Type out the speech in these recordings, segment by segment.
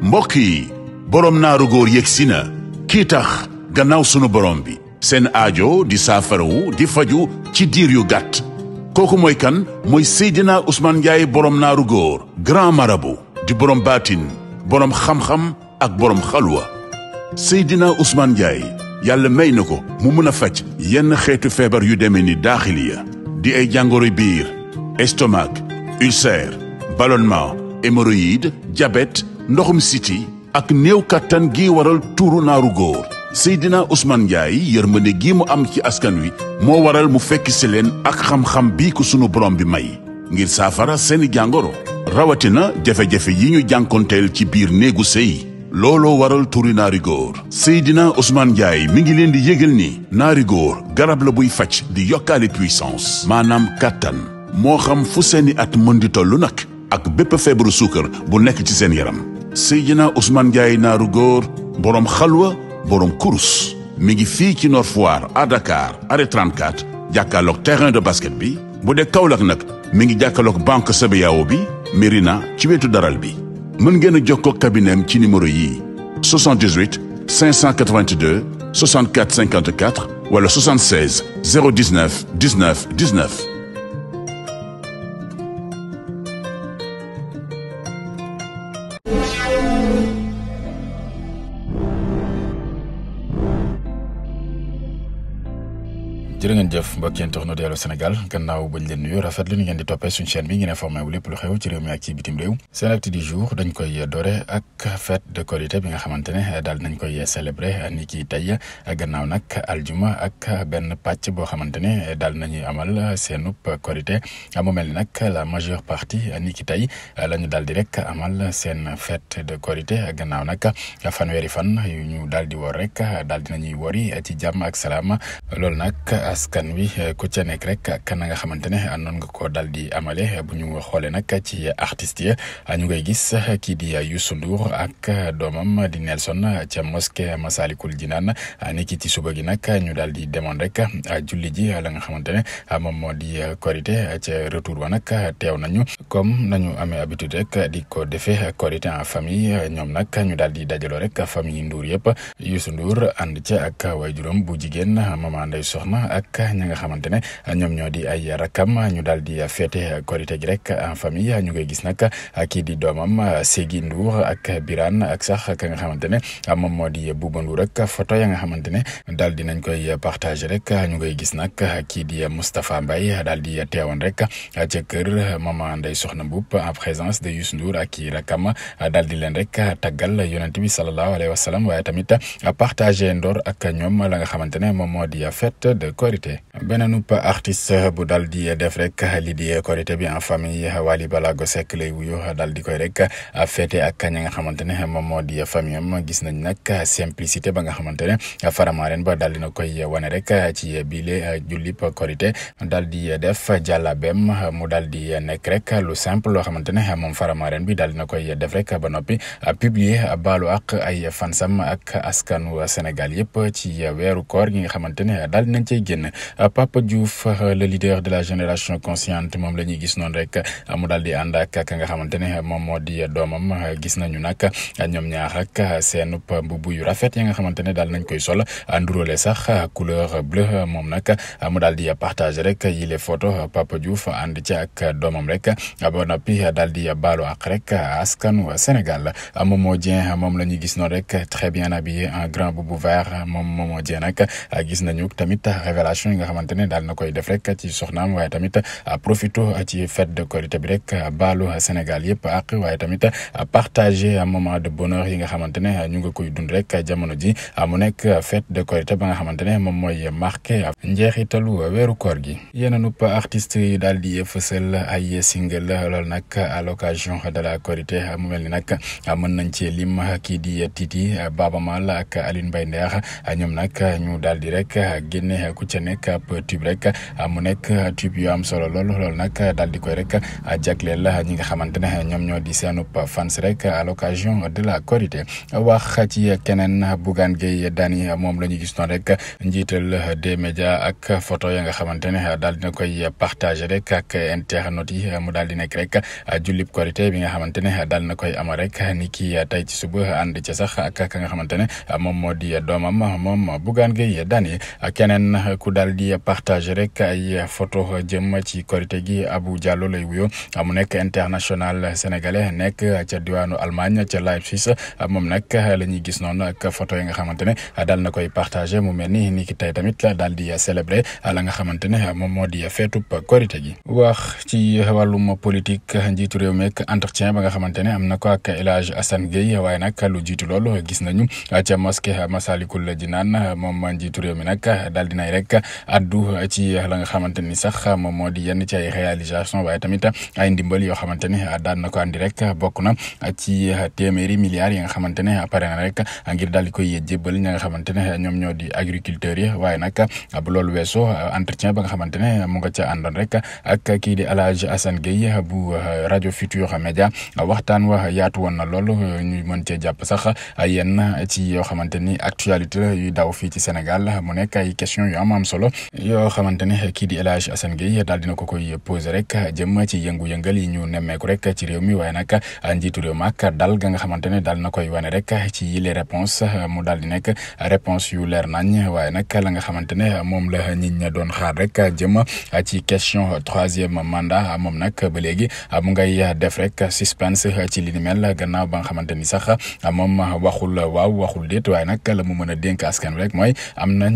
mbokk yi boroom naaru góor yegsi na kii tax gannaaw sunu borom bi seen aajo di saafarawu di faju ci diir yu gàtt kooku mooy kan mooy seydinaa Ousmane Ndiaye boroom naaru góor grand marabout di boroom baatin boroom xam-xam ak boroom xalwa Seydina Ousmane Ndiaye yàlla may na ko mu mën a faj yenn xeetu feebar yu demee ni daaxiliya di ay jàngoro biir estomac ulcère ballonnement hémorroïde diabète ndoxum siti ak néew kattan gi waral tuuru naaru góor Seydina Ousmane Ndiaye yërmande gi mu am ci askan wi moo waral mu fekk si leen ak xam-xam bii ko sunu borom bi may ngir saafara seeni jàngoro rawatina jafe-jafe yi ñu jànkonteel ci biir néegu sëy looloo waral turi naari góor Seydina Ousmane Ndiaye mi ngi leen di yëgal ni naari góor garab la buy faj di yokkaale puissance maanaam kàttan moo xam fu seeni at mën di toll nag ak bépp feebaru suukar bu nekk ci seen yaram Seydina Ousmane Ndiaye naaru góor borom xalwa borom kurus mi ngi fii ci Nord Foire à Dakar arrêt 34 jàkkaarloog terrain de basket bi bu dee Kaolack nag mi ngi jàkkaarloog banque CBAO bi Mérina ci wetu daral bi mën ngeen a jokkoo kabineem ci numéro yii 78 582 64 54 wala 76 019 19 19 jërë ngeen jëf mbokki internautes Allô Sénégal gannaaw bañ leen nuyu rafet lu ñu ngeen di toppee suñu chaîne bi ngeen informé wu lépp lu xew ci réew mi ak ci bitim réew seen acte du dañ koy dore ak fête de Korité bi nga xamante ne daal nañ koy célébrer ni ki tey gannaaw nag aljuma ak benn pàcc boo xamante ne daal nañuy amal seenub Korité mu mel ni nag la majeure partie ni ki tey la ñu daal di rek amal seen fête de Korité gannaaw nag fanweeri fan yu ñu daal di wor rek daal dinañuy wori ci jàmm ak salaam loolu nag askan wi eh, ku ca nekk rek kan nga xamante ne ah, noonu nga ko dal di amale eh, bu ñu xoolee nag ci artistes a ah, ñu ngay gis eh, kii di Youssou Ndour ak doomam di Nelson ca mosquée Massalikul naan a ki ci suba gi nag ñu daal di demoon rek a julli ji la nga xamante ne moom moo di korité ca retour ba nag teew nañu kom nañu amee habitude rek di ko defee korité en famille ñoom nag ñu daal di dajaloo rek famille Ndour yëpp Youssou Ndour ànd ca ak waajuram bu jigéen maman Soxna. ak a nga xamante ne ñoom ñoo di ay rakam ñu daal di féete korité gi rek en famille ñu koy gis nag kii di doomam Segui Ndour ak Birane ak sax ka nga xamante ne moom moo di Bouba Ndour ak photo ya nga xamante ne a di nañ koy partagé rek ñu koy gis nag kii di Moustapha Mbaye daal di teewoon rek ca kër maman Ndeye Soxna Mboup en présence de Youssou Ndour ak i rakam daal di leen rek taggal yonent bi sallallahu alayhi wa sallam waaye tamit korité beneen artiste bu dal di def rek li di korité bi en famille Wally Balago Seck lay wuyu dal di koy rek féete ak ña nga xamante ne moom moo di famille am gis nañ nag simplicité ba nga xamante ne faramareen ba dal dina koy wane rek ci biile jullib korité dal di def jàllabem mu dal di nekk rek lu simple loo xamante ne moom faramareen bi dal dina koy def rek ba noppi publier baalu ak ay fansam ak askanu Sénégal yëpp ci weeru koor gi nga xamante ne dal nañ cey génn Sène euh, Papa Diouf euh, le leader de la génération consciente moom la ñuy gis noon rek euh, mu daal di ànd ak ka nga xamante ne moom moo di doomam gis nañu nag ñoom ñaar ak seen mbubu yu rafet yi nga xamante ne daal nañ koy sol nduróole sax couleur bleu moom nag mu daal di a partage rek yi les photos Papa Diouf ànd ci ak doomam rek ba noppi dal di baalu ak rek askanu Sénégal Momo Dieng moom la gis noonu rek très bien habillé en grand moom Momo gis nañu tamit révélation yi nga xamante ne daal na koy def rek ci soxnaam waaye tamit ah, profito ci fête de Korité bi rek ah, baalu Sénégal yëpp ak waaye tamit ah, partager moment de bonheur yi nga xamante ne ñu ngi koy dund rek jamono ji mu nekk fête de Korité ba nga xamante ne moom mooy marqué njeexitalu weeru koor gi yéen a nupp artistes yi daal di fësal ay single loolu nag à l'occasion de la Korité mu mel ni nag mën nañ ci lim kii di Titi Baba Maal ak Aline Mbaye Nder ñoom nag ñu daal di rek génne ku ci ca nekk ab tube rek ah, mu nekk tube yu am solo lool loolu nag daal di koy rek ah, jagleel ñi nga xamante ne ñoom ñoo di seenub fans rek à l'occasion de la Korité wax ci keneen Bougane Gueye Dany moom la ñu gis noonu rek njiital des médias ak photo ya nga xamante ne daal dina koy partager rek ak internautes yi mu daal di nekk rek ah, jullib Korité bi nga xamante ne daal na koy ama rek ni ki tey ci suba ànd ci sax ak ka nga xamante ne moom moo di doomam moom Bougane Gueye Dany keneen ku daal di partagé rek ay photo jëm ci korite gi Abou Diallo lay wuyoo mu nekk international sénégalais nekk ca diwaanu Allemagne ca Leipzig moom nag la ñuy gis noonu ak photo yi nga xamante ne daal na koy partagé mu mel ni ni ki tey tamit daal di célébré la nga xamante ne moom moo di feetu korite gi. wax ci wàllum politique njiitu réew mi ak entretien ba nga xamante ne am na ko ak El Hadj Assane Gueye waaye nag lu jiitu loolu gis nañu ca mosquée Masalikul Jinaan moom a njiitu réew mi nag daal di nay rek. nag addu ci la nga xamante ni sax moom moo di yenn ci ay réalisation waaye tamit ay ndimbal yoo xamante ni ko andi rek bokk na ci téeméeri milliards yi nga xamante ne pare na rek ngir daal di koy jébbal ñi nga xamante ne ñoom ñoo di agriculteurs yi waaye nag bu loolu weesoo entretien ba nga xamante ne mu nga ca àndoon rek ak kii di El Hadj Assane Gueye bu xa Futurs Médias waxtaan wa yaatu woon na loolu ñu mën cee jàpp sax yenn ci yoo xamante ni actualité daw fii Sénégal mu nekk ay question yu am am solo yoo xamante ne kii di El Hadj Assane Gueye daal dina ko koy posé rek jëm ci yëngu-yëngal yi ñu nemmeeku rek ci réew mi waaye nag njiitu réew maak dal ga nga xamante ne daal na koy wane rek ci yile réponse mu daal di nekk réponse yu leer nañ waaye nag la nga xamante ne moom la nit ña doon xaar rek jëm ci question troisième mandat moom nag ba léegi mu ngay def rek suspense ci li ni mel gannaaw ba nga xamante ni sax moom waxul waaw waxul déet waaye nag la mu mën a dénk askan rek mooy am na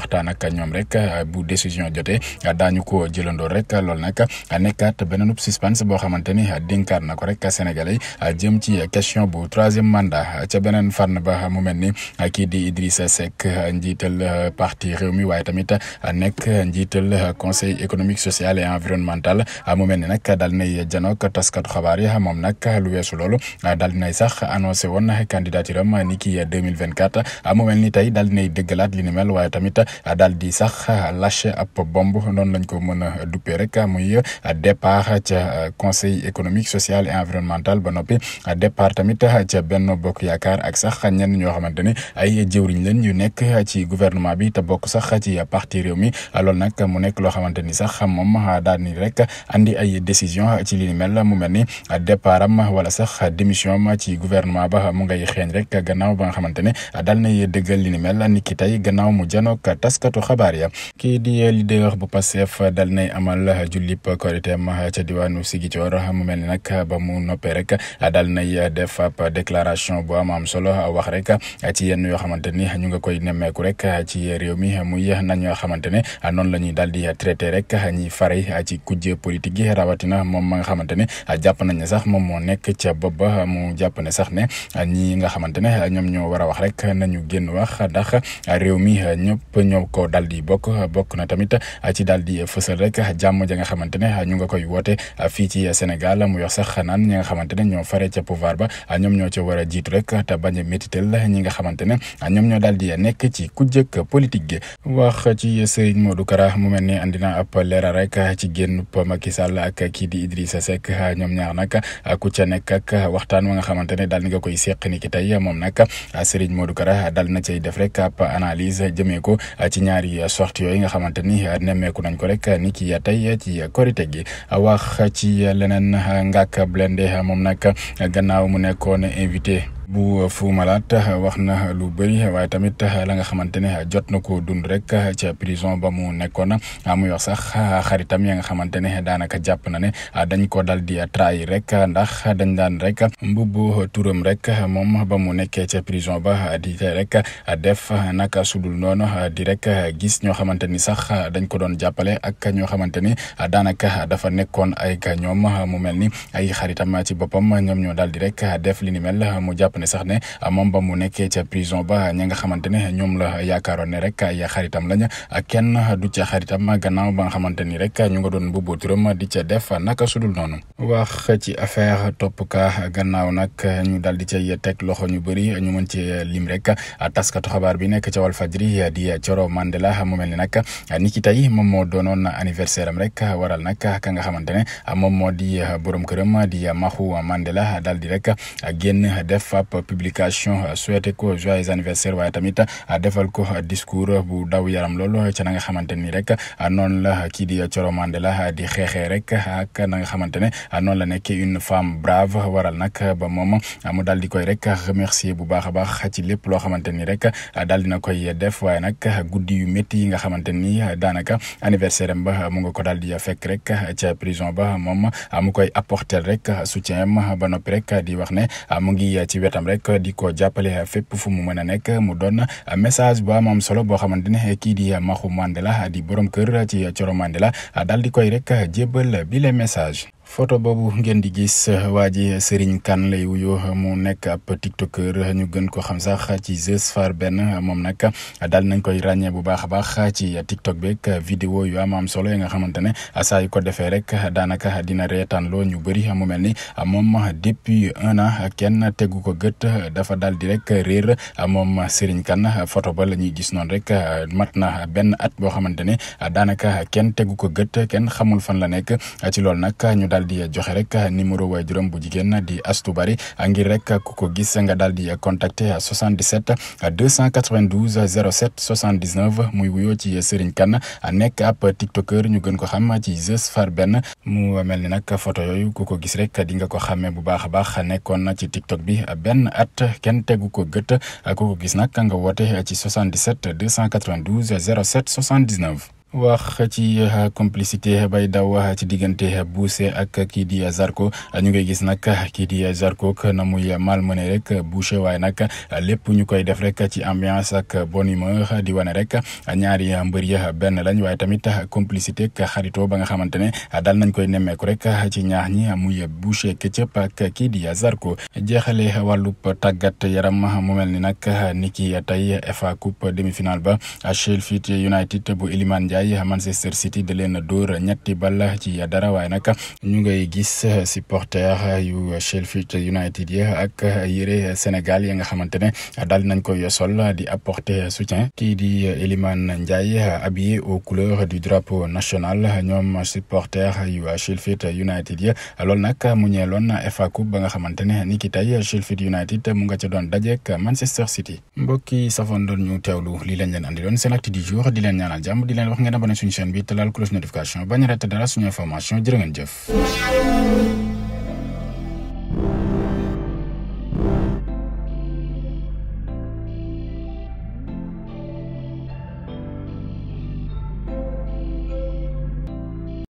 waxtaan ak ñoom rek euh, bu décision jotee daañu ko jëlandoo rek loolu nag nekkaat beneenub suspense boo xamante ni dénkaat na ko rek sénégalais euh, jëm ci question bu troisième mandat euh, ca beneen fànn ba mu mel ni kii di Idrissa Seck njiital parti réew mi waaye tamit nekk njiital conseil économique social et environnemental mu mel ni nag daal nay janook taskatu xabaar yi moom nag lu weesu loolu daal dinay sax annoncé woon candidaturam ni ki 2024 mu mel ni tey daal dinay dëggalaat li ni mel waaye tamit daal di sax lâché ab bomb noonu lañ ko mën a duppee rek muy départ ca euh, conseil économique sociale et environnemental ba noppi départ tamit ca benn Bokk Yaakaar ak sax a ñenn ñoo xamante ne ay jëwriñ leen yu nekk ci gouvernement bi te bokk sax ci parti réew mi loolu nag mu nekk loo xamante ni sax moom daal ni rek andi ay décision ci li ni mel mu mel ni départ am wala sax démission am ci gouvernement ba mu ngay xeeñ rek gannaaw ba nga xamante ne daal nay dëggal tey gannaaw taskatu xabaar ya kii di leader bu Pastef dal nay amal jullib koriteem ca diwaanu Sigicoor mu mel ni nag ba mu noppee rek dal nay def ab déclaration bu am am solo wax rek ci yenn yoo xamante ni ñu nga koy nemmeeku rek ci réew mi muy nañu xamante ne noonu la ñuy daal di traité rek ñi fare ci kujje politique yi rawatina moom ma nga xamante ne jàpp nañ ne sax moom moo nekk ca bopp ba mu jàpp ne sax ne ñi nga xamante ne ñoom ñoo war a wax rek nañu génn wax ndax réew mi ñëpp ñoo ko daal di bokk bokk na tamit ci daal di fësal rek jàmm ja nga xamante ne ñu nga koy woote fii ci Sénégal mu yox sax xanaan ñi nga xamante ne ñoo fare ca pouvoir ba ñoom ñoo ci war a jiitu rek te bañ a métital ñi xamante ne ñoom ñoo daal di nekk ci ku kujjëk politique gi wax ci Serigne Modou Kara mu mel ni andi na leeral rek ci génn Macky Sall ak kii di Idrissa Seck ñoom ñaar nag ku ca nekk waxtaan wa nga xamante ne daal di nga koy seq ni ki tey moom nag Serigne Modou Kara daal na cay def rek ab jëmee ko ci ñaari sorties yooyu nga xamante ni nemmeeku nañ ko rek ni ki tey ci korite gi wax ci leneen Ngaaka Blindé moom nag gannaaw mu nekkoon invité. bu Fou Malade wax na lu bëri waaye tamit la nga xamante ne jot na ko dund rek ca prison ba mu nekkoon muy wax sax xaritam ya nga xamante ne daanaka jàpp na ne dañ ko dal di trahir rek ndax dañ daan rek mbubbu turam rek moom ba mu nekkee ca prison ba di rek def naka sudul noonu di gis ñoo xamante ni sax dañ ko doon jàppale ak ñoo xamante ni daanaka dafa nekkoon ay ñoom mu mel ni ay xaritam ci boppam ñoom ñoo daal di rek def li ni mu jàpp ne sax ne moom ba mu nekkee ca prison ba ña nga xamante ne ñoom la yaakaaroon ne rek ay xaritam lañ ak kenn du ca xaritam gannaaw ba nga xamante ni rek ñu nga doon bubboo turam di ca def naka sudul noonu wax ka gannaaw nag ñu daal di cay teg loxo ñu bëri ñu mën ci lim rek taskatu xabaar bi nekk ca Walfadjri di Thioro Mandela a mel ni nag a ki tey moom moo doonoon anniversaire am rek waral nag ka nga xamante ne moom moo di borom këram di Mahou Mandela daal di rek génn def ab publication eh, souhaité ko joyeux anniversaire waaye tamit eh, defal ko eh, discours bu daw yaram lool ca na nga xamante ni rek noonu la di xeexee rek na nga xamante ne noonu la nekk une femme brave waral nag ba moom mu daal di koy rek remercier bu baax a baax ci lépp loo xamante ni rek daal dina koy def waaye nag guddi yu métti yi nga xamante ni daanaka anniversaire am ba mu nga ko daal di a fekk rek ca prison ba moom mu koy apporter rek soutien ba noppi rek di wax ne mu ngi ci wetam. itam rek di ko jàppale fépp fu mu mën a nekk mu doon message bu am am solo boo xamante ne kii di Maxu Mandela di borom kër ci Coro Mandela daal di koy rek jébbal bi message photo boobu ngeen di gis waa ji kan Kane lay wuyo mu nekk ab tiktoker ñu gën ko xam sax ci Zeus Far benn moom nag dal nañ koy ràññee bu baax a baax ci tiktok beeg vidéo yu am am solo yi nga xamante ne saa yu ko defee rek daanaka dina reetaanloo ñu bëri mu mel ni moom depuis un an kenn tegu ko gët dafa daal di rek réer moom Serigne Kane photo ba la ñuy gis noonu rek mat na benn at boo xamante ne daanaka kenn tegu ko gët kenn xamul fan la nekk ci loolu nag ñu daal daal di joxe rek numéro juróom bu jigéen di Astou Bari ngir rek ku ko gis nga daal di contacter 77 292 07 79 muy wuyoo ci Serigne Kane nekk ab tiktoker ñu gën ko xam ci Zeus Far benn mu mel ni nag photo yooyu ku ko gis rek di nga ko xàmmee bu baax a baax a nekkoon na ci tiktok bi benn at kenn tegu ko gët ku ko gis nag nga woote ci 77 292 07 79. wax ci uh, complicité bay daw uh, ci diggante Boucher ak kii di Zarko uh, ñu ngi gis nag kii di Zarko na muy malmené rek Boucher waaye nag lépp ñu koy def rek ci ambiance ak bonne humeur di wane rek ñaari mbër ya benn lañ waaye tamit complicité ak xaritoo ba nga xamante ne dal nañ koy nemmeeku rek ci ñaax ñi muy Boucher Ketchup ak kii di Zarko jeexale wàllub tàggat yaram mu mel ni nag niki tey FA Coupe demi-finale ba Sheffield United bu Iliman Ndiaye Ndiaye Manchester City da leen a dóor ñetti bal ci dara waaye nag ñu ngay gis supporter yu Sheffield United yi ak yére Sénégal yi nga xamante ne daal nañ koy sol di apporter soutien kii di Elimane Ndiaye habillé aux couleurs du drapeau national ñoom supporter yu Sheffield United yi loolu nag loon ñeeloon FA Cup ba nga xamante ne ni ki tey Sheffield United mu nga ca doon dajeek Manchester City mbokk yi doon ñu teewlu lii lañ leen andi doon ngeen abonné suñu chaîne bi te laal cloche notification bañ a raté dara suñu information jërë ngeen jëf